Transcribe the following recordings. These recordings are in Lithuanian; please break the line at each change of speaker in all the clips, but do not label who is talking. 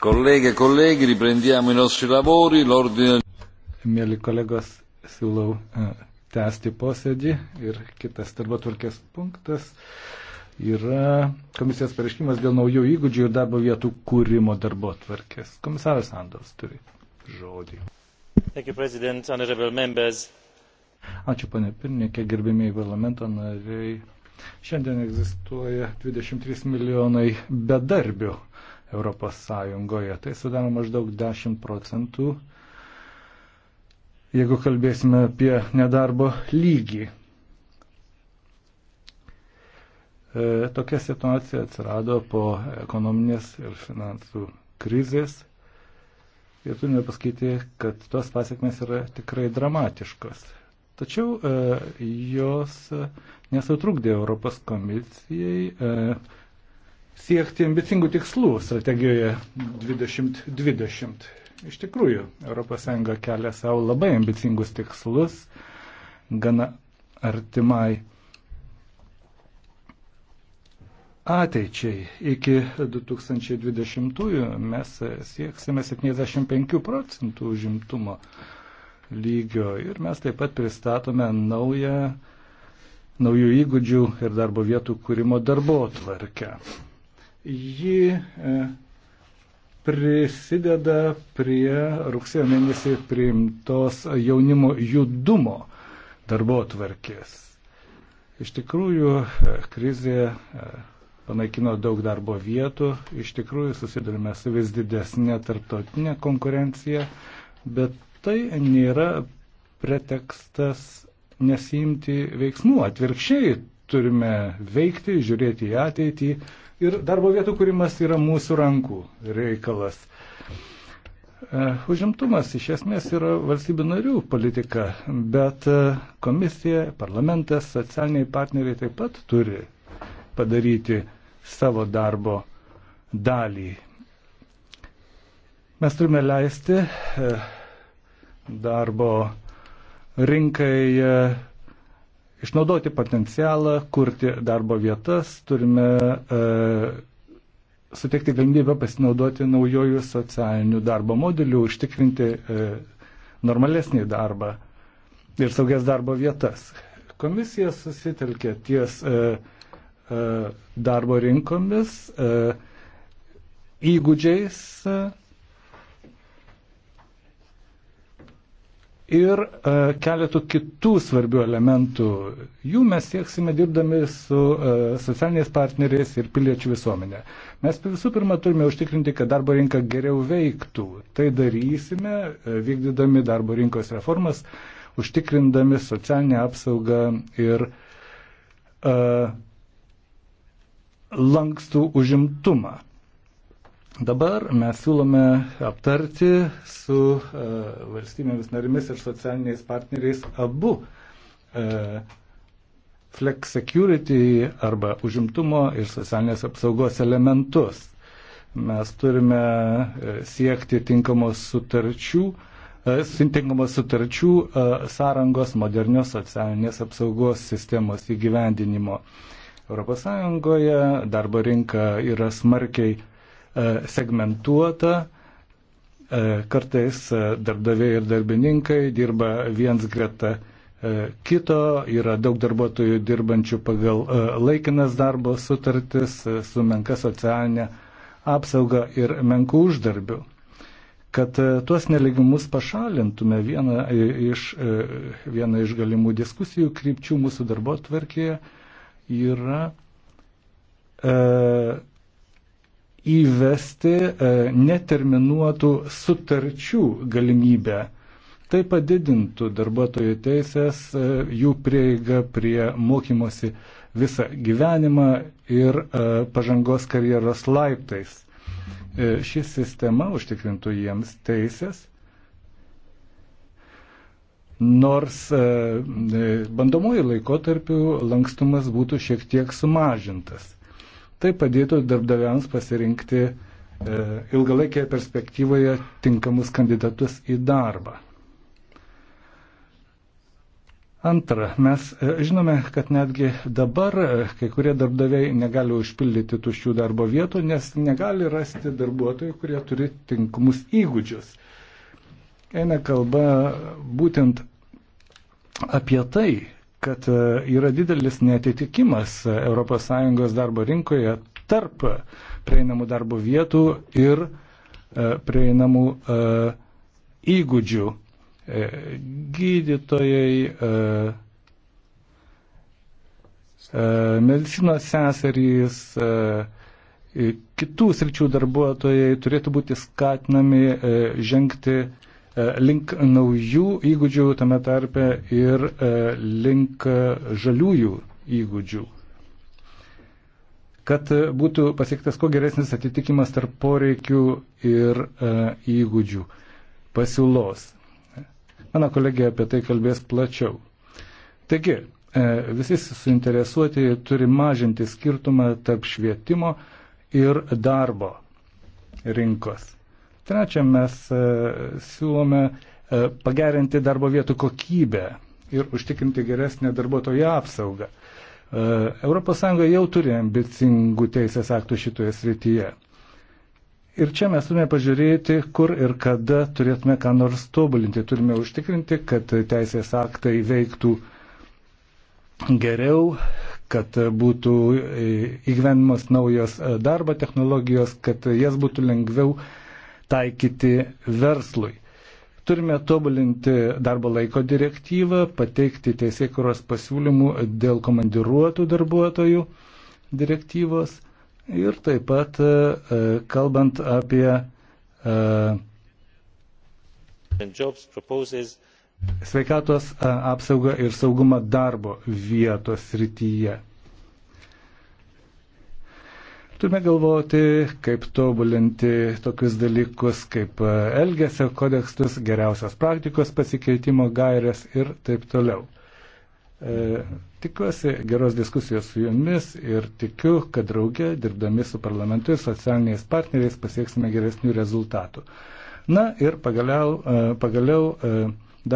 Kolegė, kolegė, e riprendiamo i nostri lavori, l'ordine. Mėly kolegos, siūlau e, tęsti posėdį ir kitas darbotvarkės punktas yra komisijos pareiškimas dėl naujų įgūdžių ir darbo vietų kūrimo darbotvarkės. Komisaras Andovas turi žodį. Thank you, President, honorable members. Ačiū, panė pirmininkė, gerbėmiai parlamento nariai. Šiandien egzistuoja 23 milijonai bedarbių Europos Sąjungoje. Tai sudaro maždaug 10 procentų, jeigu kalbėsime apie nedarbo lygį. E, tokia situacija atsirado po ekonominės ir finansų krizės. Ir turime pasakyti, kad tos pasiekmes yra tikrai dramatiškos. Tačiau e, jos nesutrukdė Europos komisijai e, siekti ambicingų tikslų strategijoje 2020. Iš tikrųjų, ES kelia savo labai ambicingus tikslus, gana artimai ateičiai. Iki 2020 mes sieksime 75 procentų užimtumo lygio ir mes taip pat pristatome naują naujų įgūdžių ir darbo vietų kūrimo darbo tvarkę. Ji e, prisideda prie rugsėjo mėnesį priimtos jaunimo judumo darbo tvarkės. Iš tikrųjų, e, krizė e, panaikino daug darbo vietų, iš tikrųjų susidurime su vis didesnė tarptautinė konkurencija, bet tai nėra pretekstas nesimti veiksmų. Atvirkščiai, turime veikti, žiūrėti į ateitį ir darbo vietų kūrimas yra mūsų rankų reikalas. E, užimtumas iš esmės yra valstybių narių politika, bet e, komisija, parlamentas, socialiniai partneriai taip pat turi padaryti savo darbo dalį. Mes turime leisti e, darbo rinkai išnaudoti potencialą, kurti darbo vietas, turime e, suteikti galimybę pasinaudoti naujojų socialinių darbo modelių, užtikrinti e, normalesnį darbą ir saugias darbo vietas. Komisija susitelkė ties e, e, darbo rinkomis, e, įgūdžiais. E, ir e, keletų kitų svarbių elementų. Jų mes sieksime dirbdami su e, socialiniais partneriais ir piliečių visuomenė. Mes visų pirma turime užtikrinti, kad darbo rinka geriau veiktų. Tai darysime, e, vykdydami darbo rinkos reformas, užtikrindami socialinę apsaugą ir uh, lankstų užimtumą. Dabar mes siūlome aptarti su e, valstybėmis narimis ir socialiniais partneriais abu e, flex security arba užimtumo ir socialinės apsaugos elementus. Mes turime e, siekti tinkamos sutarčių, e, tinkamos sutarčių e, sąrangos modernios socialinės apsaugos sistemos įgyvendinimo. ES darbo rinka yra smarkiai E, segmentuota. E, kartais e, darbdaviai ir darbininkai dirba viens greta kito, yra daug darbuotojų dirbančių pagal laikinas darbo sutartis su menka socialinė apsauga ir menku uždarbiu. Kad tuos neligimus pašalintume vieną iš, vieną iš galimų diskusijų krypčių mūsų darbo tvarkėje yra e, įvesti e, neterminuotų sutarčių galimybę. Tai padidintų darbuotojų teisės, e, jų prieiga prie mokymosi visą gyvenimą ir e, pažangos karjeros laiptais. Ši sistema užtikrintų jiems teisės, nors bandomųjų laikotarpių lankstumas būtų šiek tiek sumažintas. Tai padėtų darbdaviams pasirinkti e, ilgalaikėje perspektyvoje tinkamus kandidatus į darbą. Antra, mes e, žinome, kad netgi dabar e, kai kurie darbdaviai negali užpildyti tuščių darbo vietų, nes negali rasti darbuotojų, kurie turi tinkamus įgūdžius. Eina kalba būtent apie tai, kad e, yra didelis netitikimas e, ES darbo rinkoje tarp prieinamų darbo vietų ir e, prieinamų įgūdžių. Gydytojai, medicinos seserys, kitų sričių darbuotojai turėtų būti skatinami žengti E, link naujų įgūdžių tame tarpe ir e, link žaliųjų įgūdžių. Kad būtų pasiektas kuo geresnis atitikimas tarp poreikių ir e, įgūdžių pasiūlos. Mano kolegė apie tai kalbės plačiau. Taigi, visi suinteresuoti turi mažinti skirtumą tarp švietimo ir darbo rinkos. Trečia, mes e, siūlome e, pagerinti darbo vietų kokybę ir užtikrinti geresnę darbuotojų apsaugą. ES jau turi ambicingų teisės aktų šitoje srityje. Ir čia mes turime pažiūrėti, kur ir kada turėtume ką nors tobulinti. Turime užtikrinti, kad teisės aktai veiktų geriau, kad būtų e, įgyvenimas naujos darbo technologijos, kad jas būtų lengviau uh, taikyti verslui. Turime tobulinti darbo laiko direktyvą, pateikti teisėkuros pasiūlymų dėl komandiruotų darbuotojų direktyvos ir taip pat e, e, kalbant apie e, sveikatos apsaugą ir saugumą darbo vietos rytyje. Turime galvoti, kaip tobulinti tokius dalykus kaip e, elgesio kodekstus, geriausios praktikos pasikeitimo gairias ir taip toliau. E, tikiuosi geros diskusijos su jumis ir tikiu, kad draugė, dirbdami su parlamentu ir socialiniais partneriais, pasieksime geresnių rezultatų. Na ir pagaliau, e, pagaliau e,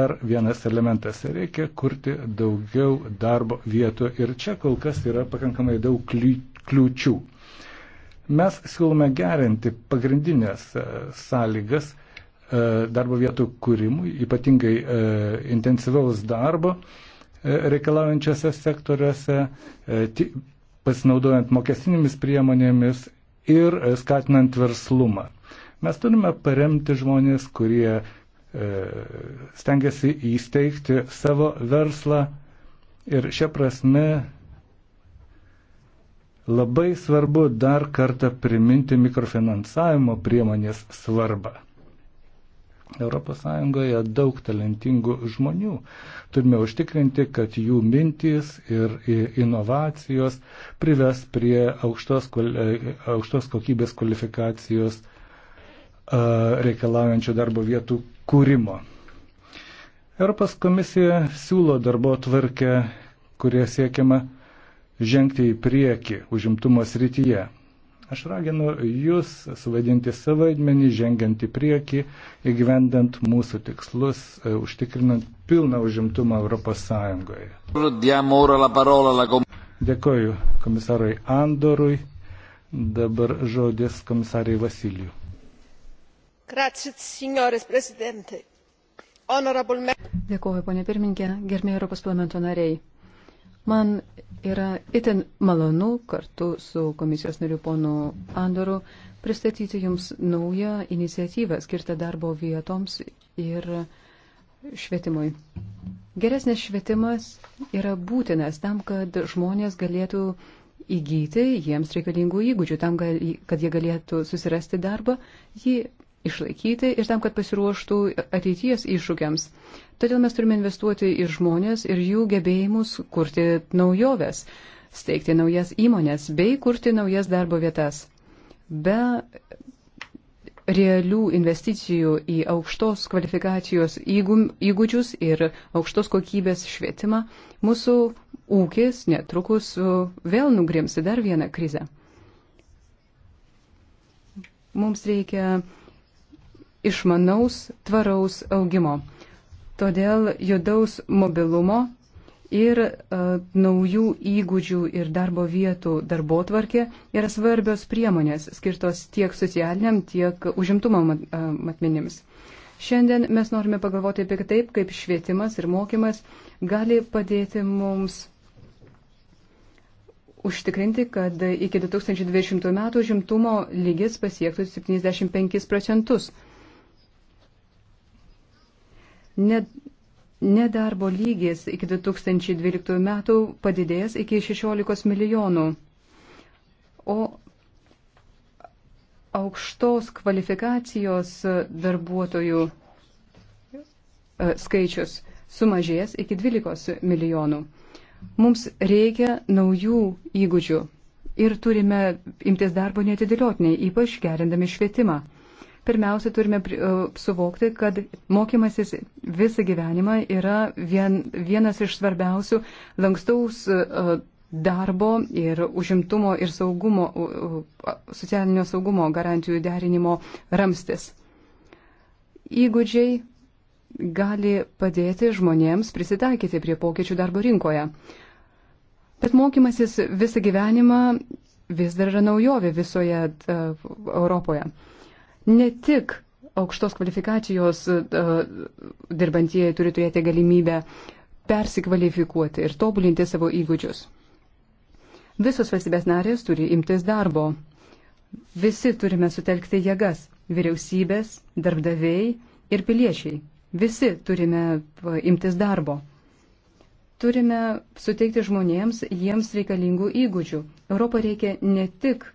dar vienas elementas. Reikia kurti daugiau darbo vietų ir čia kol kas yra pakankamai daug kliūčių. Mes siūlome gerinti pagrindinės e, sąlygas e, darbo vietų kūrimui, ypatingai e, intensyvaus darbo reikalaujančiose sektoriuose, pasinaudojant mokestinėmis priemonėmis ir skatinant verslumą. Mes turime paremti žmonės, kurie stengiasi įsteigti savo verslą ir šia prasme Labai svarbu dar kartą priminti mikrofinansavimo priemonės svarbą. ES daug talentingų žmonių. Turime užtikrinti, kad jų mintys ir inovacijos prives prie aukštos, e, aukštos kokybės kvalifikacijos reikalaujančių darbo vietų kūrimo. Europos komisija siūlo darbo tvarkę, kurie siekiama žengti į priekį užimtumo srityje. Aš raginu Jūs suvaidinti savo vaidmenį, žengiant į priekį, įgyvendant mūsų tikslus, e, užtikrinant pilną užimtumą Europos Sąjungoje. Dėkoju komisarui Andorui. Dabar žodis komisariai Vasilijų.
Dėkoju, ponė pirmininkė, gerbėjai Europos parlamento nariai. Man yra itin malonu kartu su komisijos nariu ponu Andoru pristatyti Jums naują iniciatyvą skirtą darbo vietoms ir švietimui. Geresnis švietimas yra būtinas tam, kad žmonės galėtų įgyti jiems reikalingų įgūdžių, tam, kad jie galėtų susirasti darbą, jį išlaikyti ir tam, kad pasiruoštų ateities iššūkiams. Todėl mes turime investuoti į žmonės ir jų gebėjimus kurti naujoves, steigti naujas įmonės bei kurti naujas darbo vietas. Be realių investicijų į aukštos kvalifikacijos įgūdžius ir aukštos kokybės švietimą, mūsų ūkis netrukus uh, vėl nugrims į dar vieną krizę. Mums reikia išmanaus tvaraus augimo. Todėl judaus mobilumo ir uh, naujų įgūdžių ir darbo vietų darbo tvarkė yra svarbios priemonės skirtos tiek socialiniam, tiek užimtumo mat, uh, matmenims. Šiandien mes norime pagalvoti apie taip, kaip švietimas ir mokymas gali padėti mums užtikrinti, kad iki 2020 metų žimtumo lygis pasiektų 75 procentus. Nedarbo lygis iki 2012 metų padidės iki 16 milijonų, o aukštos kvalifikacijos darbuotojų e, skaičius sumažės iki 12 milijonų. Mums reikia naujų įgūdžių ir turime imtis darbo netidėliotinai, ypač gerindami švietimą pirmiausia turime e, suvokti, kad mokymasis visą gyvenimą yra vien, vienas iš svarbiausių lankstaus e, darbo ir užimtumo ir saugumo, socialinio saugumo garantijų derinimo ramstis. Įgūdžiai gali padėti žmonėms prisitaikyti prie pokyčių darbo rinkoje. Bet mokymasis visą gyvenimą vis dar yra naujovė visoje uh, Europoje. Uh, ne tik aukštos kvalifikacijos e, e, dirbantieji turi turėti galimybę persikvalifikuoti ir tobulinti savo įgūdžius. Visos valstybės narės turi imtis darbo. Visi turime sutelkti jėgas - vyriausybės, darbdaviai ir piliečiai. Visi turime e, imtis darbo. Turime suteikti žmonėms jiems reikalingų įgūdžių. Europą reikia ne tik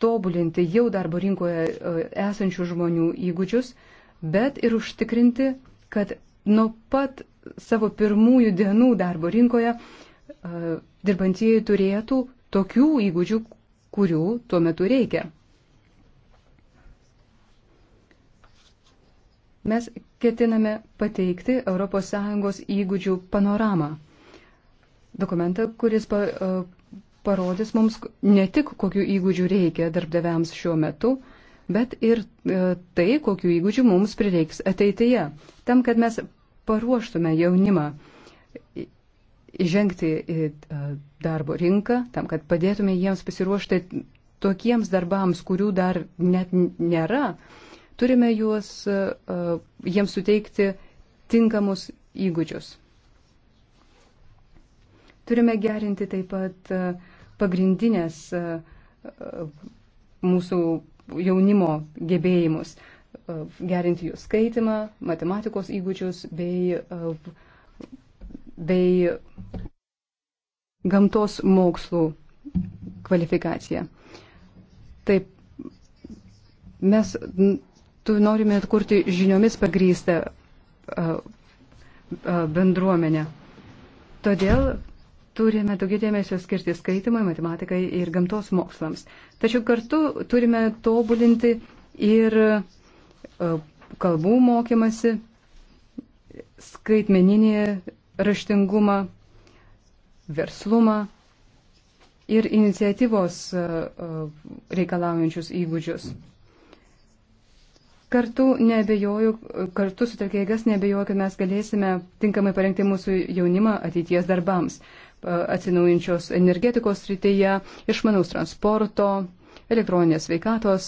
tobulinti jau darbo rinkoje e, esančių žmonių įgūdžius, bet ir užtikrinti, kad nuo pat savo pirmųjų dienų darbo rinkoje e, dirbantieji turėtų tokių įgūdžių, kurių tuo metu reikia. Mes ketiname pateikti ES įgūdžių panoramą. Dokumentą, kuris pa, e, parodys mums ne tik, kokiu įgūdžiu reikia darbdaviams šiuo metu, bet ir e, tai, kokiu įgūdžiu mums prireiks ateityje, tam, kad mes paruoštume jaunimą įžengti į e, darbo rinką, tam, kad padėtume jiems pasiruošti tokiems darbams, kurių dar net nėra, turime juos, e, jiems suteikti tinkamus įgūdžius. Turime gerinti taip pat e, pagrindinės e, e, mūsų jaunimo gebėjimus, gerinti jų skaitimą, matematikos įgūdžius bei, bei gamtos mokslų kvalifikaciją. Taip, mes tu norime atkurti žiniomis pagrystą bendruomenę. Todėl turime daugiau dėmesio skirti skaitimui, matematikai ir gamtos mokslams. Tačiau kartu turime tobulinti ir e, kalbų mokymasi, skaitmeninį raštingumą, verslumą ir iniciatyvos e, e, reikalaujančius įgūdžius. Kartu nebejoju, kartu sutelkę jėgas nebejoju, kad mes galėsime tinkamai parengti mūsų jaunimą ateities darbams atsinaujančios energetikos srityje, išmanaus transporto, elektroninės veikatos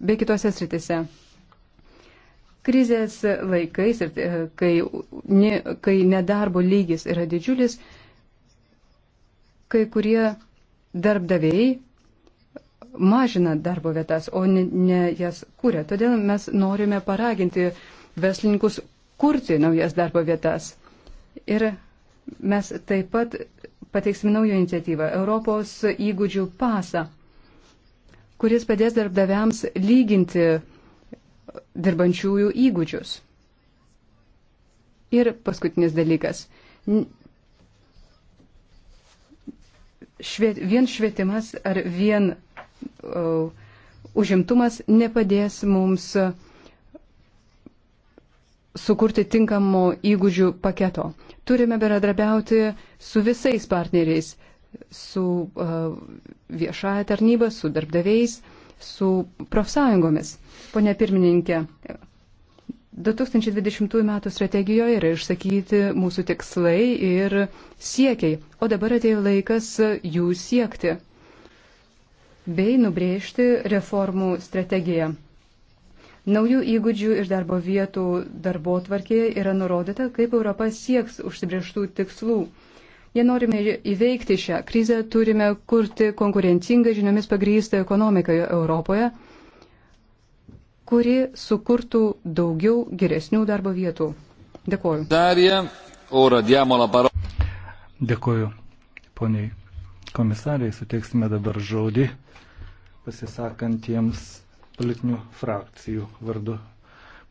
bei kitose srityse. Krizės laikais, kai, ne, kai nedarbo lygis yra didžiulis, kai kurie darbdaviai mažina darbo vietas, o ne, ne jas kūrė. Todėl mes norime paraginti verslininkus kurti naujas darbo vietas. Ir Mes taip pat pateiksime naują iniciatyvą - Europos įgūdžių pasą, kuris padės darbdaviams lyginti dirbančiųjų įgūdžius. Ir paskutinis dalykas. Šviet, vien švietimas ar vien o, užimtumas nepadės mums sukurti tinkamo įgūdžių paketo turime bendradarbiauti su visais partneriais, su uh, viešąją tarnybą, su darbdaviais, su profsąjungomis. Pone pirmininkė, 2020 m. strategijoje yra išsakyti mūsų tikslai ir siekiai, o dabar atėjo laikas jų siekti bei nubrėžti reformų strategiją. Naujų įgūdžių ir darbo vietų darbo tvarkėje yra nurodyta, kaip Europa sieks užsibrieštų tikslų. Jei norime įveikti šią krizę, turime kurti konkurencingą žiniomis pagrįstą ekonomiką Europoje, kuri sukurtų daugiau geresnių darbo vietų. Dėkuoju.
Darija, ora diamo la parola. Dėkuoju, poniai komisariai, suteiksime dabar žodį pasisakantiems politinių frakcijų vardu.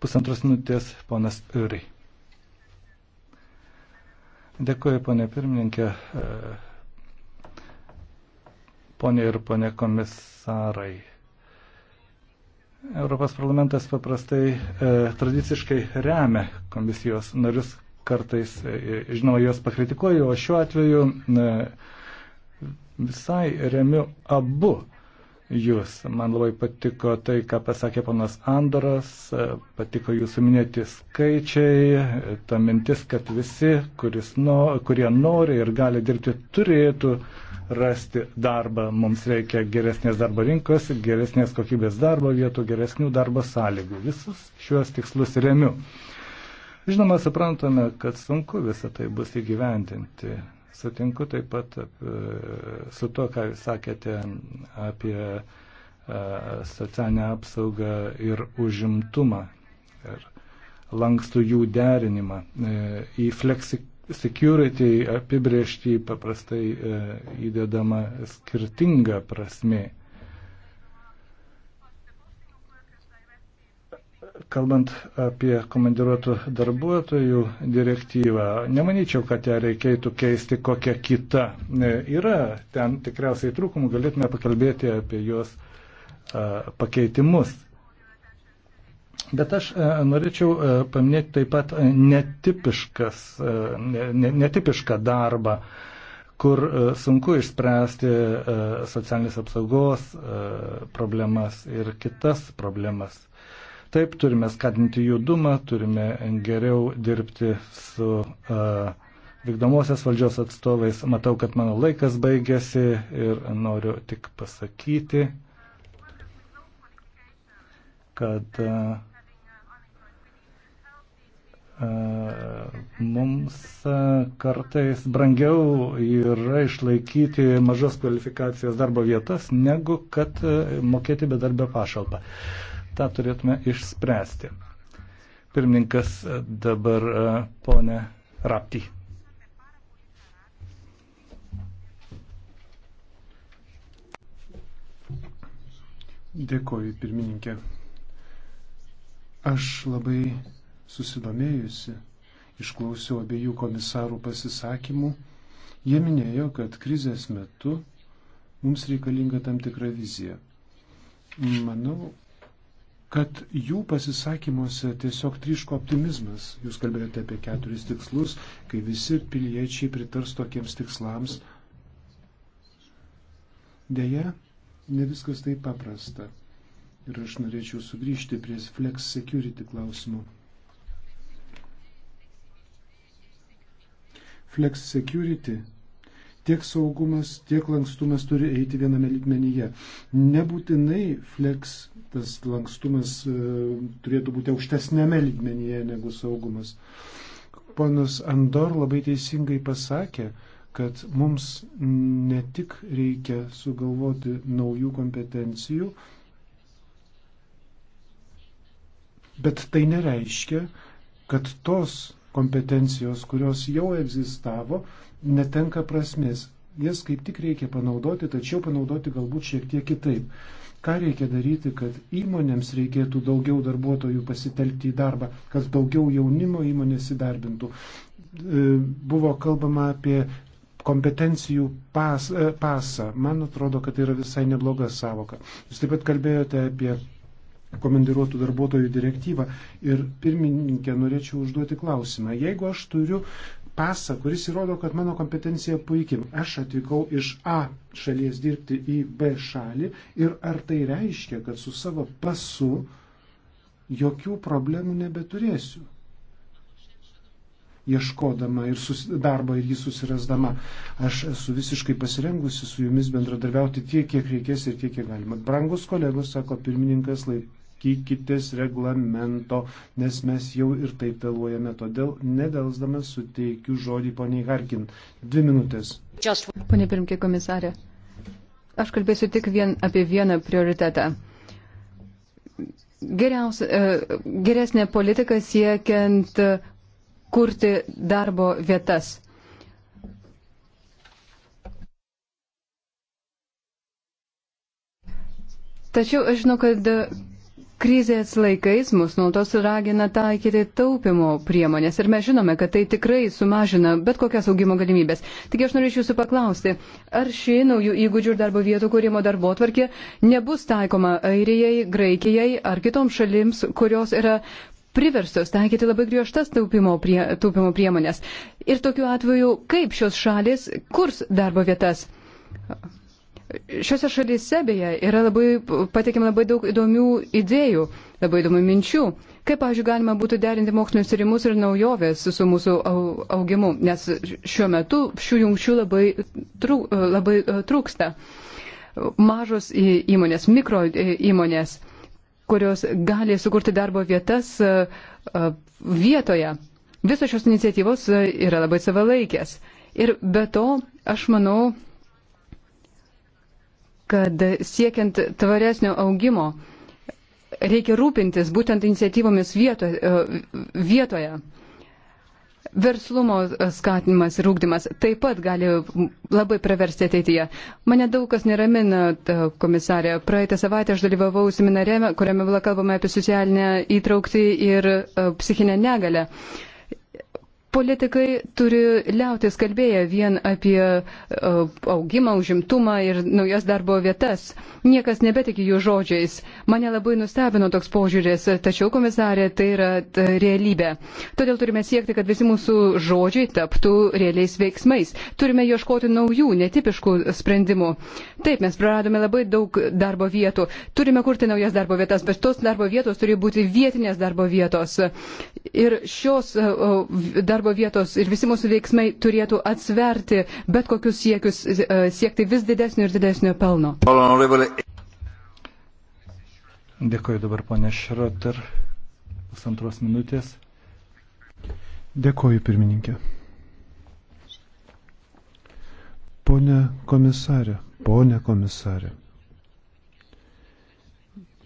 Pusantros minutės ponas Eurei. Dėkuoju, ponė pirmininkė, e, ponė ir ponė komisarai. Europos parlamentas paprastai e, tradiciškai remia komisijos narius, kartais, e, žinoma, juos pakritikuoju, o šiuo atveju visai remiu abu jūs. Man labai patiko tai, ką pasakė ponas Andoras, patiko jūsų minėti skaičiai, ta mintis, kad visi, no, kurie nori ir gali dirbti, turėtų rasti darbą. Mums reikia geresnės darbo rinkos, geresnės kokybės darbo vietų, geresnių darbo sąlygų. Visus šiuos tikslus remiu. Žinoma, suprantame, kad sunku visą tai bus įgyvendinti. Sutinku taip pat e, su to, ką jūs sakėte apie e, socialinę apsaugą ir užimtumą ir lankstų jų derinimą. E, į flexicurity apibriežtį paprastai įdedama skirtinga prasme. Kalbant apie komandiruotų darbuotojų direktyvą, nemanyčiau, kad ją reikėtų keisti kokią kitą. E, yra ten tikriausiai trūkumų, galėtume pakalbėti apie juos a, e, pakeitimus. Bet aš a, e, norėčiau a, paminėti taip pat netipiškas, a, ne, netipišką darbą, kur a, sunku išspręsti a, socialinės apsaugos a, problemas ir kitas problemas. Taip turime skatinti judumą, turime geriau dirbti su uh, vykdomosios valdžios atstovais. Matau, kad mano laikas baigėsi ir noriu tik pasakyti, kad uh, mums kartais brangiau yra išlaikyti mažos kvalifikacijos darbo vietas, negu kad mokėti bedarbio pašalpą tą turėtume išspręsti. Pirmininkas e, dabar e, ponė Rapti.
Dėkoju, pirmininkė. Aš labai susidomėjusi išklausiau abiejų komisarų pasisakymų. Jie minėjo, kad krizės metu mums reikalinga tam tikra vizija. Manau, kad jų pasisakymuose tiesiog triško optimizmas. Jūs kalbėjote apie keturis tikslus, kai visi piliečiai pritars tokiems tikslams. Deja, ne viskas taip paprasta. Ir aš norėčiau sugrįžti prie flex security klausimų. Flex security Tiek saugumas, tiek lankstumas turi eiti viename lygmenyje. Nebūtinai flex tas lankstumas e, turėtų būti aukštesnėme lygmenyje negu saugumas. Ponas Andor labai teisingai pasakė, kad mums ne tik reikia sugalvoti naujų kompetencijų, bet tai nereiškia, kad tos kompetencijos, kurios jau egzistavo, netenka prasmės. Jas kaip tik reikia panaudoti, tačiau panaudoti galbūt šiek tiek kitaip. Ką reikia daryti, kad įmonėms reikėtų daugiau darbuotojų pasitelkti į darbą, kad daugiau jaunimo įmonės įdarbintų. E, buvo kalbama apie kompetencijų pas, e, pasą. Man atrodo, kad tai yra visai nebloga savoka. Jūs taip pat kalbėjote apie komandiruotų darbuotojų direktyvą. Ir pirmininkė, norėčiau užduoti klausimą. Jeigu aš turiu pasą, kuris įrodo, kad mano kompetencija puikiai. Aš atvykau iš A šalies dirbti į B šalį ir ar tai reiškia, kad su savo pasu jokių problemų nebeturėsiu, ieškodama ir sus, darbo ir jį susirasdama. Aš esu visiškai pasirengusi su jumis bendradarbiauti tiek, kiek reikės ir tiek, kiek galima. Brangus kolegos, sako pirmininkas, laik laikykitės reglamento, nes mes jau ir taip vėluojame. Todėl nedelsdamas suteikiu žodį poniai Harkin. Dvi minutės.
Pone pirmkė komisarė, aš kalbėsiu tik vien apie vieną prioritetą. Geriaus, e, geresnė politika siekiant e, kurti darbo vietas. Tačiau aš žinau, kad Krizės laikais mus nuolatos ragina taikyti taupimo priemonės ir mes žinome, kad tai tikrai sumažina bet kokias augimo galimybės. Tik aš norėčiau jūsų paklausti, ar ši naujų įgūdžių ir darbo vietų kūrimo darbo tvarkė nebus taikoma Airijai, Graikijai ar kitoms šalims, kurios yra priverstos taikyti labai griežtas taupimo, prie, taupimo priemonės. Ir tokiu atveju, kaip šios šalis kurs darbo vietas? Šiuose šalyse beje yra labai, patikima labai daug įdomių idėjų, labai įdomių minčių, kaip, pažiūrėjau, galima būtų derinti mokslinius tyrimus ir naujovės su mūsų augimu, nes šiuo metu šių jungčių labai, trūk, labai e, trūksta. Mažos įmonės, mikro e, įmonės, kurios gali sukurti darbo vietas e, vietoje. Visos šios iniciatyvos yra labai savalaikės. Ir be to, aš manau, kad siekiant tvaresnio augimo reikia rūpintis būtent iniciatyvomis vieto, e, vietoje. Verslumo skatinimas ir ūkdymas taip pat gali labai praversti ateityje. Mane daug kas neramina, e, komisarė. Praeitą savaitę aš dalyvavau seminare, kuriame buvo kalbama apie socialinę įtraukti ir e, psichinę negalę. Uh, Politikai turi liautis kalbėję vien apie e, augimą, užimtumą ir naujas darbo vietas. Niekas nebetiki jų žodžiais. Mane labai nustebino toks požiūris, tačiau komisarė tai yra e, realybė. Todėl turime siekti, kad visi mūsų žodžiai taptų realiais veiksmais. Turime ieškoti naujų, netipiškų sprendimų. Taip, mes praradome labai daug darbo vietų. Turime kurti naujas darbo vietas, bet tos darbo vietos turi būti vietinės darbo vietos. Ir šios e, darbo darbo vietos ir visi mūsų veiksmai turėtų atsverti bet kokius siekius e, siekti vis didesnio ir didesnio pelno.
Dėkuoju dabar, ponė Šrotar, pusantros minutės.
Dėkuoju, pirmininkė. Pone komisarė, pone komisarė.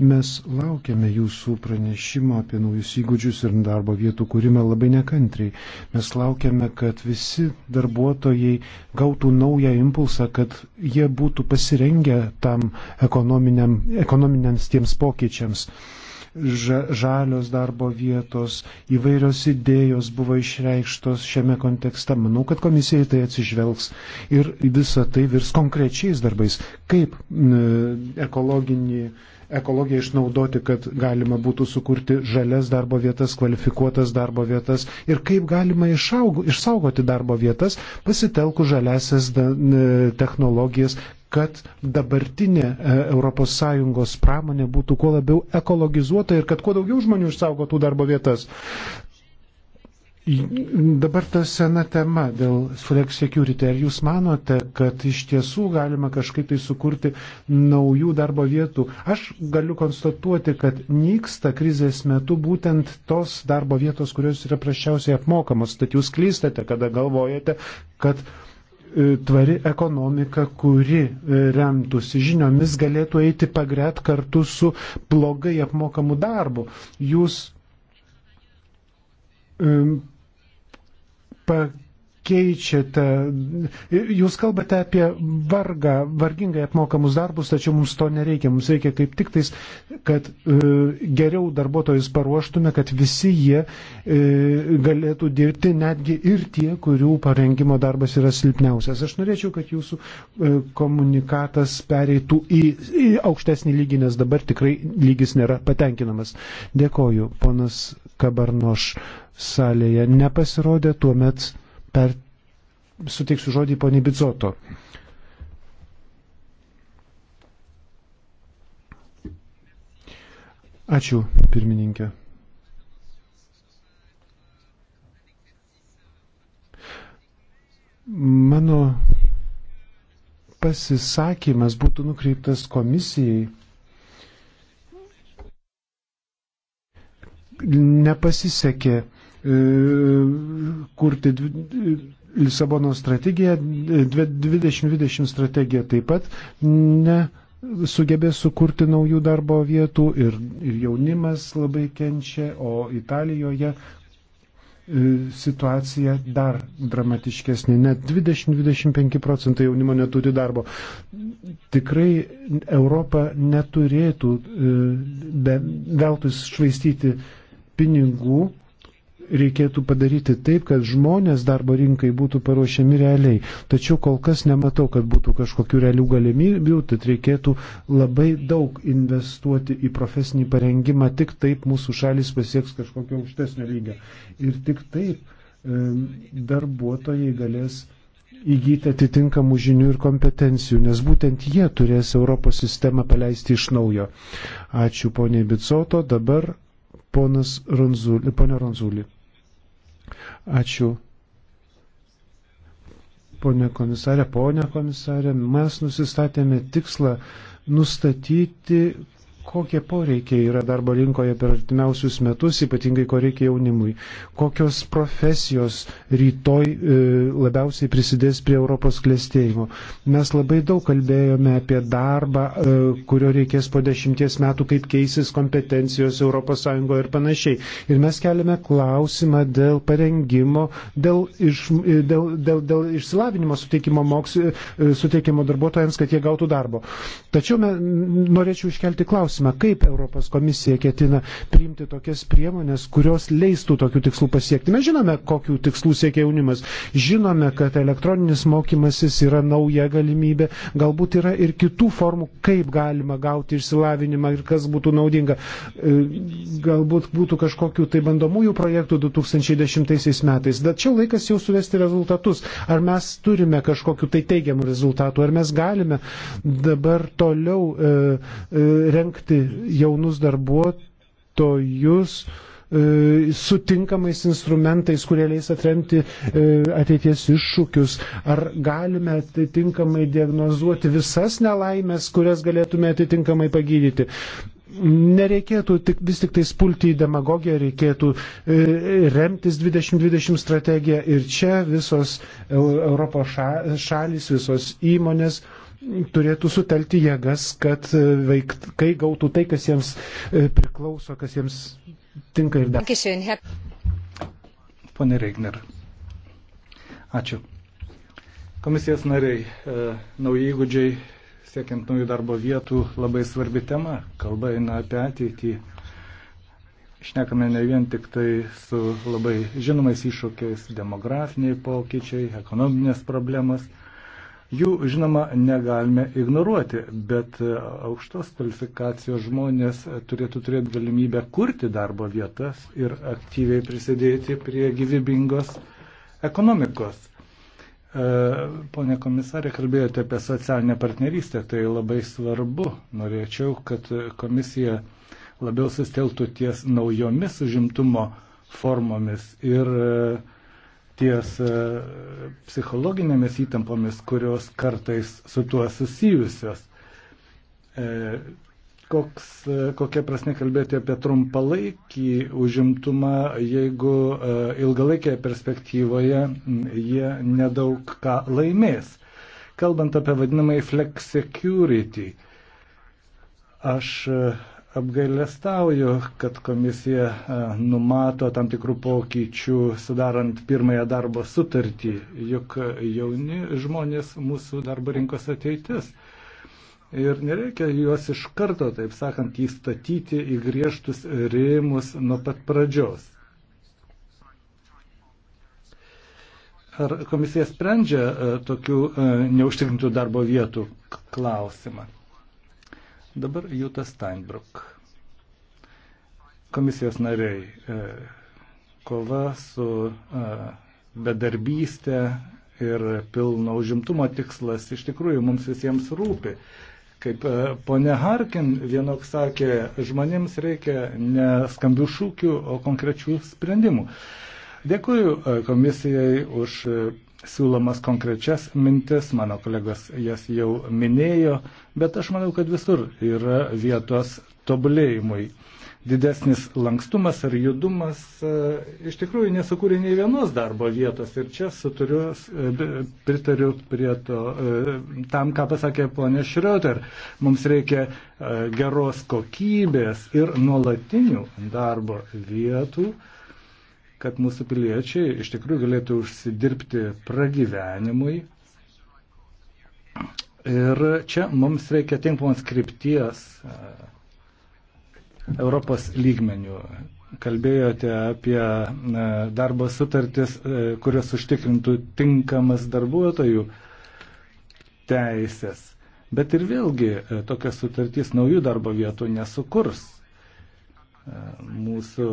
Mes laukiame jūsų pranešimo apie naujus įgūdžius ir darbo vietų kūrimą labai nekantriai. Mes laukiame, kad visi darbuotojai gautų naują impulsą, kad jie būtų pasirengę tam ekonominiams tiems pokyčiams. Ža, žalios darbo vietos, įvairios idėjos buvo išreikštos šiame kontekste. Manau, kad komisija tai atsižvelgs ir visa tai virs konkrečiais darbais, kaip ekologinį ekologiją išnaudoti, kad galima būtų sukurti žalias darbo vietas, kvalifikuotas darbo vietas ir kaip galima išaugo, išsaugoti darbo vietas pasitelku žaliasias e, technologijas, kad dabartinė ES pramonė būtų kuo labiau ekologizuota ir kad kuo daugiau žmonių išsaugotų darbo vietas. Dabar ta sena tema dėl flex security. Ar jūs manote, kad iš tiesų galima kažkaip tai sukurti naujų darbo vietų? Aš galiu konstatuoti, kad nyksta krizės metu būtent tos darbo vietos, kurios yra praščiausiai apmokamos. Tad jūs klystate, kada galvojate, kad e, tvari ekonomika, kuri e, remtųsi žiniomis, galėtų eiti pagret kartu su blogai apmokamu darbu. Jūs e, pakeičiate, jūs kalbate apie vargą, vargingai apmokamus darbus, tačiau mums to nereikia. Mums reikia kaip tik tais, kad e, geriau darbuotojus paruoštume, kad visi jie e, galėtų dirbti, netgi ir tie, kurių parengimo darbas yra silpniausias. Aš norėčiau, kad jūsų e, komunikatas pereitų į, į aukštesnį lygį, nes dabar tikrai lygis nėra patenkinamas. Dėkoju, ponas Kabarnoš salėje nepasirodė, tuomet per... suteiksiu žodį poniai Bizoto. Ačiū, pirmininkė. Mano pasisakymas būtų nukreiptas komisijai nepasisekė e, kurti Lisabono strategiją, 2020 strategija taip pat nesugebės sukurti naujų darbo vietų ir, ir jaunimas labai kenčia, o Italijoje e, situacija dar dramatiškesnė. Net 20-25 procentai jaunimo neturi darbo. Tikrai Europa neturėtų e, veltui švaistyti pinigų reikėtų padaryti taip, kad žmonės darbo rinkai būtų paruošiami realiai. Tačiau kol kas nematau, kad būtų kažkokių realių galimybių, tad reikėtų labai daug investuoti į profesinį parengimą, tik taip mūsų šalis pasieks kažkokio aukštesnio lygio. Ir tik taip e, darbuotojai galės įgyti atitinkamų žinių ir kompetencijų, nes būtent jie turės Europos sistemą paleisti iš naujo. Ačiū poniai Bicoto, dabar Ponas Ronzulį, ponė Ronzulį. Ačiū. Pone komisarė, ponė komisarė, mes nusistatėme tikslą nustatyti, kokie poreikiai yra darbo rinkoje per artimiausius metus, ypatingai ko reikia jaunimui, kokios profesijos rytoj e, labiausiai prisidės prie Europos klėstėjimo. Mes labai daug kalbėjome apie darbą, e, kurio reikės po dešimties metų, kaip keisis kompetencijos ES ir panašiai. Ir mes keliame klausimą dėl parengimo, dėl, iš, e, dėl, dėl, dėl išsilavinimo suteikimo, moks, e, suteikimo darbuotojams, kad jie gautų darbo. Tačiau me, norėčiau iškelti klausimą klausimą, kaip Europos komisija ketina priimti tokias priemonės, kurios leistų tokių tikslų pasiekti. Mes žinome, kokių tikslų siekia jaunimas. Žinome, kad elektroninis mokymasis yra nauja galimybė. Galbūt yra ir kitų formų, kaip galima gauti išsilavinimą ir kas būtų naudinga. E, galbūt būtų kažkokių tai bandomųjų projektų 2010 metais. Tačiau laikas jau suvesti rezultatus. Ar mes turime kažkokiu tai teigiamu rezultatu, ar mes galime dabar toliau e, e, renkti pasiekti jaunus darbuotojus e, su tinkamais instrumentais, kurie leis atremti e, ateities iššūkius? Ar galime atitinkamai diagnozuoti visas nelaimės, kurias galėtume atitinkamai pagydyti? Nereikėtų tik, vis tik tai spulti į demagogiją, reikėtų e, remtis 2020 strategiją ir čia visos Europos šalis, visos įmonės turėtų sutelti jėgas, kad e, vaikai gautų tai, kas jiems e, priklauso, kas jiems tinka ir
dar.
Pone Reigner.
Ačiū. Komisijos nariai, e, nauji įgūdžiai, siekiant naujų darbo vietų, labai svarbi tema. Kalba eina apie ateitį. Šnekame ne vien tik tai su labai žinomais iššūkiais - demografiniai pokyčiai, ekonominės problemas. Jų, žinoma, negalime ignoruoti, bet e, aukštos kvalifikacijos žmonės e, turėtų turėti galimybę kurti darbo vietas ir aktyviai prisidėti prie gyvybingos ekonomikos. E, Pone komisarė, kalbėjote apie socialinę partnerystę, tai labai svarbu. Norėčiau, kad komisija labiau susteltų ties naujomis užimtumo formomis ir uh, ties e, psichologinėmis įtampomis, kurios kartais su tuo susijusios. E, koks, e, kokia prasme kalbėti apie trumpalaikį užimtumą, jeigu ilgalaikėje perspektyvoje jie nedaug ką laimės. Kalbant apie vadinamąjį flex security, aš Apgailestauju, kad komisija e, numato tam tikrų pokyčių sudarant pirmąją darbo sutartį, juk jauni žmonės mūsų darbo rinkos ateitis. Ir nereikia juos iš karto, taip sakant, įstatyti į griežtus rėmus nuo pat pradžios. Ar komisija sprendžia e, tokių e, neužtikrintų darbo vietų klausimą? Dabar Jūta Steinbrück. Komisijos nariai, e, kova su e, bedarbystė ir pilno užimtumo tikslas iš tikrųjų mums visiems rūpi. Kaip e, ponė Harkin vienok sakė, žmonėms reikia ne skambių šūkių, o konkrečių sprendimų. Dėkuoju komisijai už siūlomas konkrečias mintis, mano kolegos jas jau minėjo, bet aš manau, kad visur yra vietos tobulėjimui. Didesnis lankstumas ar judumas e, iš tikrųjų nesukūrė nei vienos darbo vietos ir čia suturiu, e, pritariu prie to, e, tam, ką pasakė ponė Šrioter. Mums reikia geros kokybės ir nuolatinių darbo vietų, kad mūsų piliečiai iš tikrųjų galėtų užsidirbti pragyvenimui. Ir čia mums reikia tinkamos krypties e, Europos lygmenių. Kalbėjote apie e, darbo sutartis, e, kurios užtikrintų tinkamas darbuotojų teisės. Bet ir vėlgi tokias sutartys naujų darbo vietų nesukurs mūsų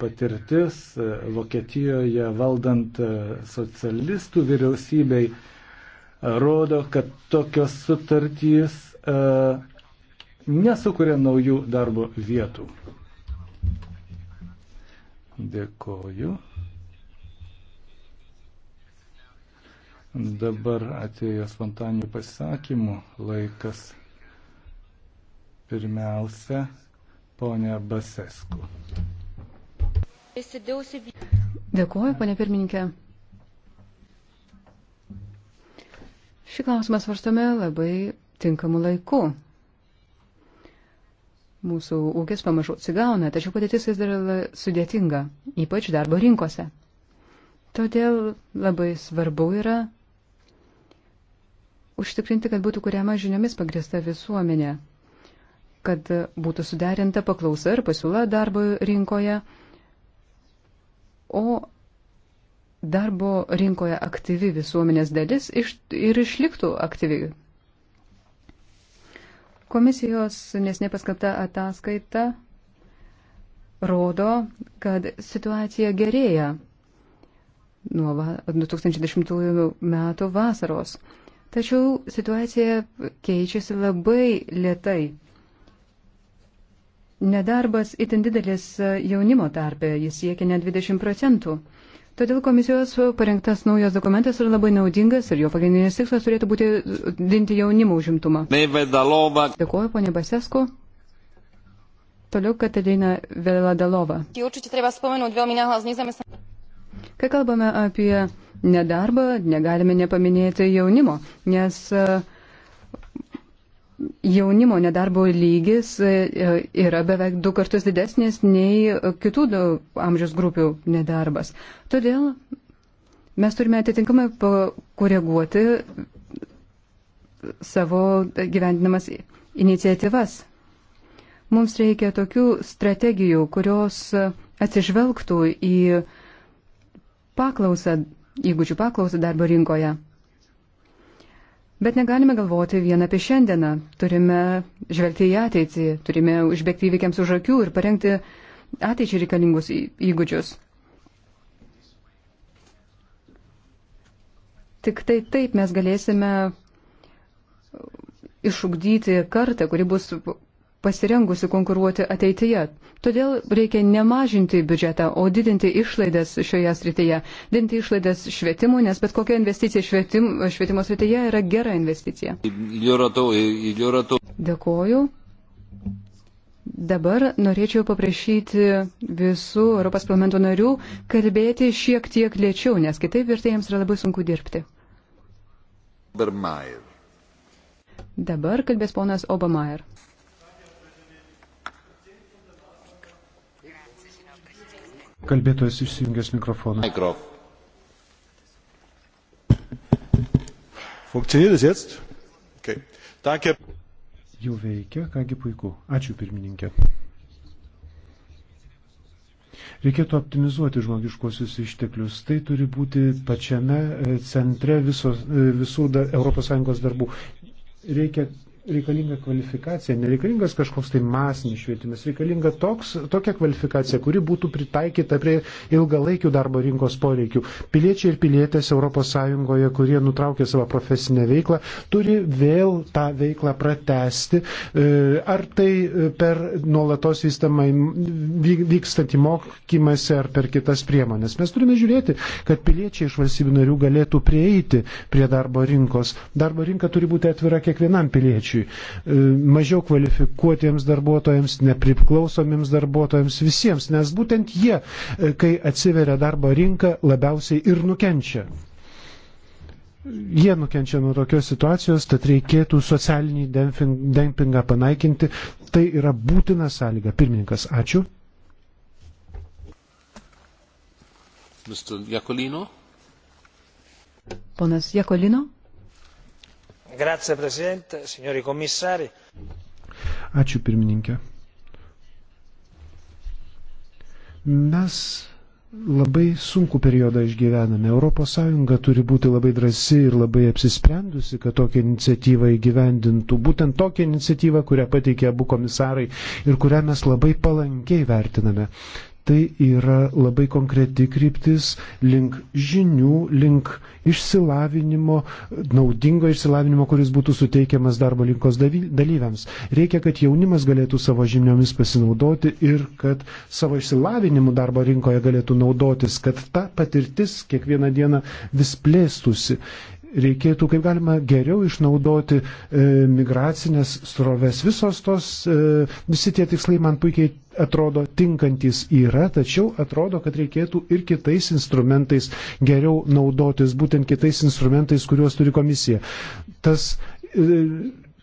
patirtis Vokietijoje valdant socialistų vyriausybei rodo, kad tokios sutartys e, nesukuria naujų darbo vietų. Dėkoju. Dabar atėjo spontanių pasisakymų laikas. Pirmiausia, ponia Basesku.
Dėkuoju, ponia pirmininkė. Šį klausimą svarstame labai tinkamu laiku. Mūsų ūkis pamažu atsigauna, tačiau padėtis vis dar sudėtinga, ypač darbo rinkose. Todėl labai svarbu yra užtikrinti, kad būtų kuriama žiniomis pagrįsta visuomenė kad būtų suderinta paklausa ir pasiūla darbo rinkoje, o darbo rinkoje aktyvi visuomenės dalis iš, ir išliktų aktyvi. Komisijos nesnė paskata ataskaita rodo, kad situacija gerėja nuo 2010 metų vasaros. Tačiau situacija keičiasi labai lietai. Nedarbas itin didelis jaunimo tarpe, jis siekia net 20 procentų. Todėl komisijos parengtas naujas dokumentas yra labai naudingas ir jo pagrindinis tikslas turėtų būti dinti jaunimo užimtumą. Dėkuoju, ponė Basesku. Toliau Katerina Veladalova. Kai kalbame apie nedarbą, negalime nepaminėti jaunimo, nes uh, jaunimo nedarbo lygis e, yra beveik du kartus didesnis nei kitų amžiaus grupių nedarbas. Todėl mes turime atitinkamai koreguoti savo gyvendinamas iniciatyvas. Mums reikia tokių strategijų, kurios atsižvelgtų į paklausą, įgūdžių paklausą darbo rinkoje. Bet negalime galvoti vien apie šiandieną. Turime žvelgti į ateitį, turime užbėgti įvykiams už akių ir parengti ateičiai reikalingus įgūdžius. Tik tai taip mes galėsime išugdyti kartą, kuri bus pasirengusi konkuruoti ateityje. Todėl reikia nemažinti biudžetą, o didinti išlaidas šioje srityje. Didinti išlaidas švietimu, nes bet kokia investicija švietim, švietimo srityje yra gera investicija. Dėkoju. Dabar norėčiau paprašyti visų Europos parlamento narių kalbėti šiek tiek lėčiau, nes kitaip vertėjams yra labai sunku dirbti.
Obermeier.
Dabar kalbės ponas Obamair.
Kalbėtojas išsijungęs mikrofoną. Mikro. Funkcioniert es jetzt?
Okay. Danke.
Jau veikia, kągi puiku. Ačiū pirmininkė. Reikėtų optimizuoti žmogiškosius išteklius. Tai turi būti pačiame e, centre viso, e, visų da, ES darbų. Reikia reikalinga kvalifikacija, nereikalingas kažkoks tai masinis švietimas, reikalinga toks, tokia kvalifikacija, kuri būtų pritaikyta prie ilgalaikių darbo rinkos poreikių. Piliečiai ir pilietės ES, kurie nutraukė savo profesinę veiklą, turi vėl tą veiklą pratesti. E, ar tai per nuolatos vykstantį mokymąsi ar per kitas priemonės. Mes turime žiūrėti, kad piliečiai iš valstybių narių galėtų prieiti prie darbo rinkos. Darbo rinka turi būti atvira kiekvienam piliečiui skaičiui, e, mažiau kvalifikuotiems darbuotojams, nepriklausomiems darbuotojams, visiems, nes būtent jie, e, kai atsiveria darbo rinka, labiausiai ir nukenčia. Jie nukenčia nuo tokios situacijos, tad reikėtų socialinį dempingą panaikinti. Tai yra būtina sąlyga. Pirmininkas, ačiū. Mr. Jakolino.
Ponas Jakolino.
Grazie, prezidente,
signori komisari.
Ačiū pirmininkė. Mes labai sunku periodą išgyvename. ES turi būti labai drasi ir labai apsisprendusi, kad tokią iniciatyvą įgyvendintų. Būtent tokią iniciatyvą, kurią pateikė abu komisarai ir kurią mes labai palankiai vertiname. Tai yra labai konkreti kryptis link žinių, link išsilavinimo, naudingo išsilavinimo, kuris būtų suteikiamas darbo linkos dalyviams. Reikia, kad jaunimas galėtų savo žiniomis pasinaudoti ir kad savo išsilavinimu darbo rinkoje galėtų naudotis, kad ta patirtis kiekvieną dieną vis plėstusi reikėtų kaip galima geriau išnaudoti e, migracinės sroves. Visos tos, e, visi tie tikslai man puikiai atrodo tinkantis yra, tačiau atrodo, kad reikėtų ir kitais instrumentais geriau naudotis, būtent kitais instrumentais, kuriuos turi komisija. Tas e,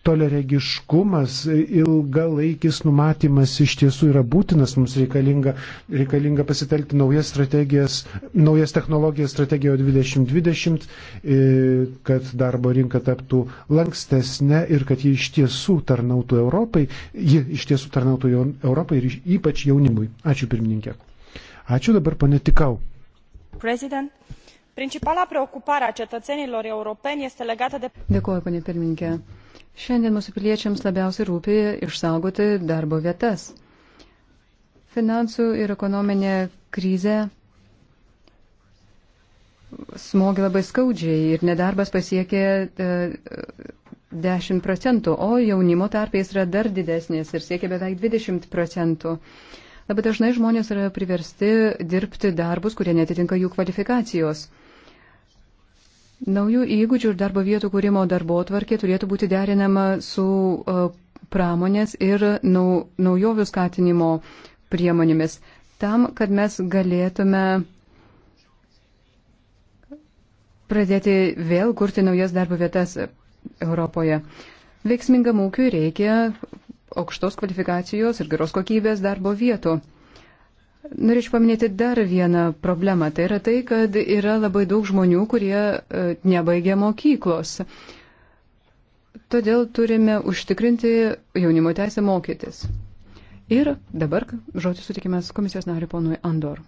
toleregiškumas, ilgalaikis numatymas iš tiesų yra būtinas, mums reikalinga, reikalinga pasitelkti naujas strategijas, naujas technologijas strategijoje 2020, kad darbo rinka taptų lankstesnė ir kad ji iš tiesų tarnautų Europai, ji iš tiesų tarnautų Europai ir ypač jaunimui. Ačiū pirmininkė. Ačiū dabar pane Tikau.
President principala preocupare a cetățenilor europeni este legată de. Dėkuoju, panė pirmininkė. Šiandien mūsų piliečiams labiausiai rūpi išsaugoti darbo vietas. Finansų ir ekonominė krizė smogi labai skaudžiai ir nedarbas pasiekė 10 e, procentų, o jaunimo tarpiais yra dar didesnės ir siekia beveik 20 procentų. Labai dažnai žmonės yra priversti dirbti darbus, kurie netitinka jų kvalifikacijos. Naujų įgūdžių ir darbo vietų kūrimo darbo tvarkė turėtų būti derinama su e, pramonės ir nau, naujovių skatinimo priemonėmis, tam, kad mes galėtume pradėti vėl kurti naujas darbo vietas Europoje. Veiksmingam ūkiui reikia aukštos kvalifikacijos ir geros kokybės darbo vietų. Norėčiau paminėti dar vieną problemą. Tai yra tai, kad yra labai daug žmonių, kurie e, nebaigia mokyklos. Todėl turime užtikrinti jaunimo teisę mokytis. Ir dabar žodžiu sutikimas komisijos nariu ponui Andor.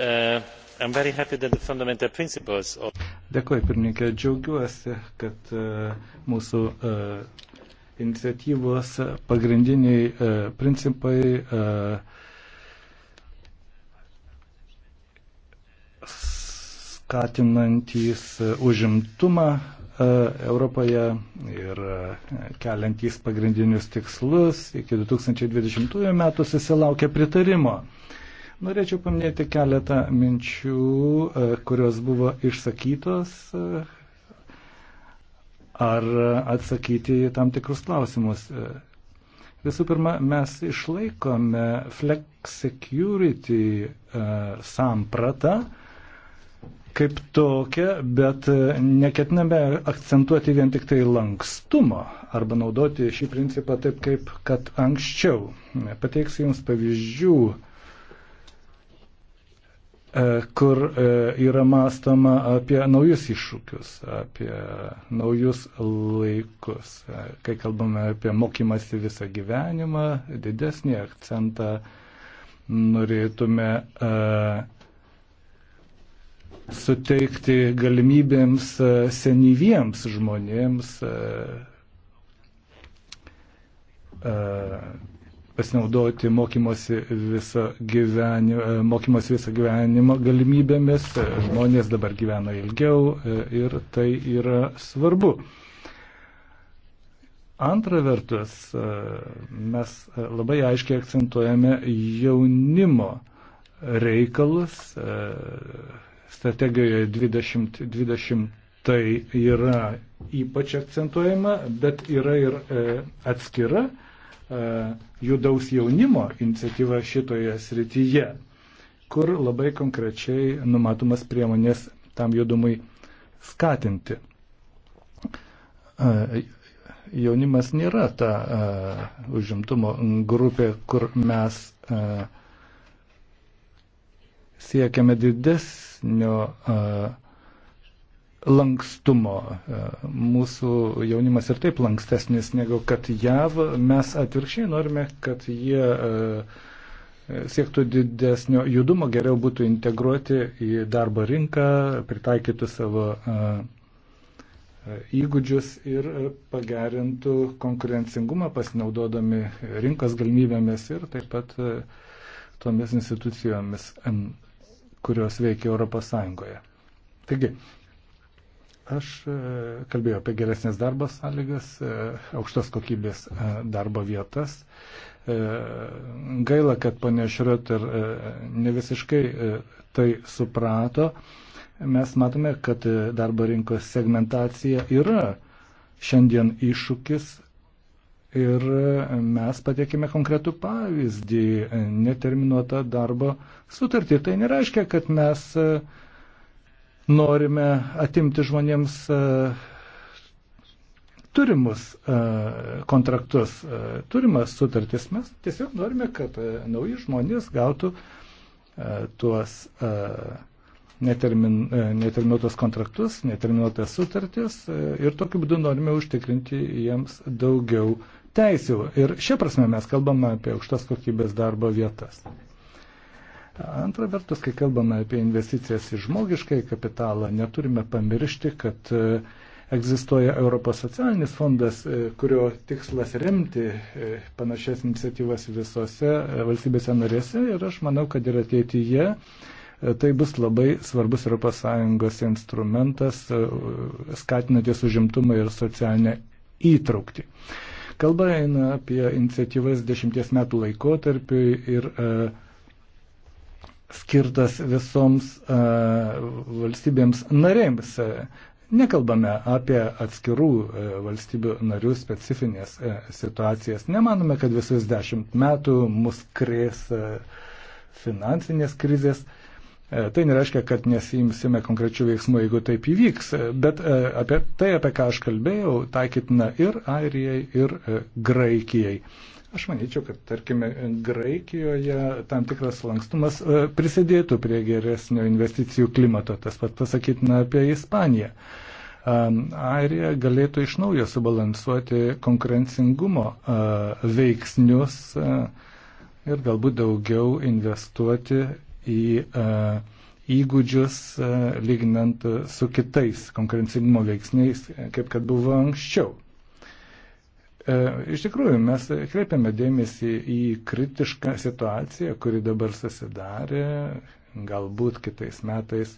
Uh, of...
Dėkuoju, pirmininkė. Džiaugiuosi, kad uh, mūsų uh, iniciatyvos pagrindiniai e, principai e, skatinantys užimtumą e, Europoje ir e, keliantys pagrindinius tikslus iki 2020 metų susilaukia pritarimo. Norėčiau paminėti keletą minčių, e, kurios buvo išsakytos e, ar atsakyti į tam tikrus klausimus. Visų pirma, mes išlaikome flex security e, sampratą kaip tokią, bet e, neketiname akcentuoti vien tik tai lankstumo arba naudoti šį principą taip, kaip kad anksčiau. Pateiksiu Jums pavyzdžių E, kur e, yra mąstama apie naujus iššūkius, apie naujus laikus. E, kai kalbame apie mokymasi visą gyvenimą, didesnį akcentą norėtume suteikti galimybėms senyviems žmonėms pasinaudoti mokymosi viso, gyvenimo, e, mokymosi viso gyvenimo galimybėmis. E, žmonės dabar gyvena ilgiau e, ir tai yra svarbu. Antra vertus, mes labai aiškiai akcentuojame jaunimo reikalus. Strategijoje 2020 tai yra ypač akcentuojama, bet yra ir atskira judaus jaunimo iniciatyva šitoje srityje, kur labai konkrečiai numatomas priemonės tam judumui skatinti. E, jaunimas nėra ta e, užimtumo grupė, kur mes e, siekiame didesnio uh, lankstumo. E, mūsų jaunimas ir taip lankstesnis negu kad JAV. Mes atvirkščiai norime, kad jie e, siektų didesnio judumo, geriau būtų integruoti į darbo rinką, pritaikytų savo e, įgūdžius ir pagerintų konkurencingumą pasinaudodami rinkos galimybėmis ir taip pat tomis institucijomis, kurios veikia Europos Sąjungoje. Taigi, Aš e, kalbėjau apie geresnės darbo sąlygas, e, aukštos kokybės e, darbo vietas. Gaila, kad ponė Šrioter ne visiškai tai suprato. Mes matome, kad darbo rinkos segmentacija yra šiandien iššūkis ir mes patiekime konkretų pavyzdį, neterminuotą darbo sutartį. Tai nereiškia, kad mes uh, norime atimti žmonėms e, turimus e, kontraktus, e, turimas sutartis. Mes tiesiog norime, kad nauji žmonės gautų tuos netermin, neterminuotus kontraktus, neterminuotas sutartis ir tokiu būdu norime užtikrinti jiems daugiau teisių. Ir šia prasme mes kalbame apie aukštas kokybės darbo vietas. Antra vertus, kai kalbame apie investicijas į žmogiškai kapitalą, neturime pamiršti, kad e, egzistuoja Europos socialinis fondas, e, kurio tikslas remti e, panašias iniciatyvas visose valstybėse narėse ir aš manau, kad ir ateityje tai bus labai svarbus ES instrumentas, skatinantis užimtumą ir socialinę įtraukti. Kalba eina apie iniciatyvas dešimties metų laikotarpiui ir uh, skirtas visoms e, valstybėms narėms. Nekalbame apie atskirų e, valstybių narių specifinės e, situacijas. Nemanome, kad visus dešimt metų mus krės finansinės krizės. Tai nereiškia, kad nesimsime konkrečių veiksmų, jeigu taip įvyks, bet apie tai, apie ką aš kalbėjau, taikytina ir Airijai, ir Graikijai. Aš manyčiau, kad tarkime Graikijoje tam tikras lankstumas e, prisidėtų prie geresnio investicijų klimato, tas pat pasakytina apie Ispaniją. E, Airija galėtų iš naujo subalansuoti konkurencingumo e, veiksnius ir galbūt daugiau investuoti į įgūdžius lyginant su kitais konkurencingumo veiksniais, kaip kad buvo anksčiau. E, iš tikrųjų, mes kreipiame dėmesį į kritišką situaciją, kuri dabar susidarė. Galbūt kitais metais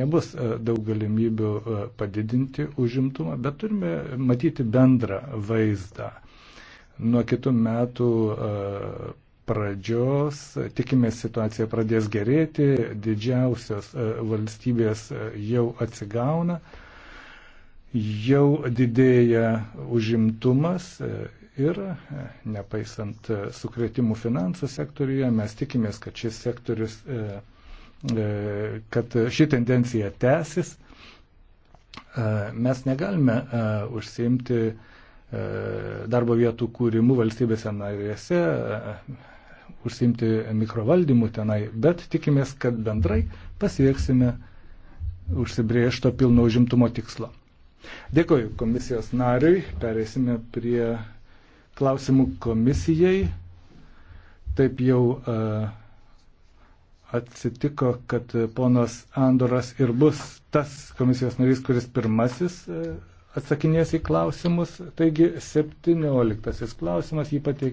nebus e, daug galimybių e, padidinti užimtumą, bet turime matyti bendrą vaizdą. Nuo kitų metų pradžios, tikimės situacija pradės gerėti, didžiausios valstybės jau atsigauna jau didėja užimtumas e, ir e, nepaisant e, sukretimų finansų sektoriuje, mes tikimės, kad šis sektorius, kad ši tendencija tęsis. Mes negalime užsiimti darbo vietų kūrimų valstybėse narėse, užsiimti mikrovaldymų tenai, bet tikimės, kad bendrai pasieksime užsibriežto pilno užimtumo tikslo. Dėkoju komisijos nariui. Pereisime prie klausimų komisijai. Taip jau uh, atsitiko, kad ponas Andoras ir bus tas komisijos narys, kuris pirmasis e, atsakinės į klausimus. Taigi 17 klausimas jį pateikė.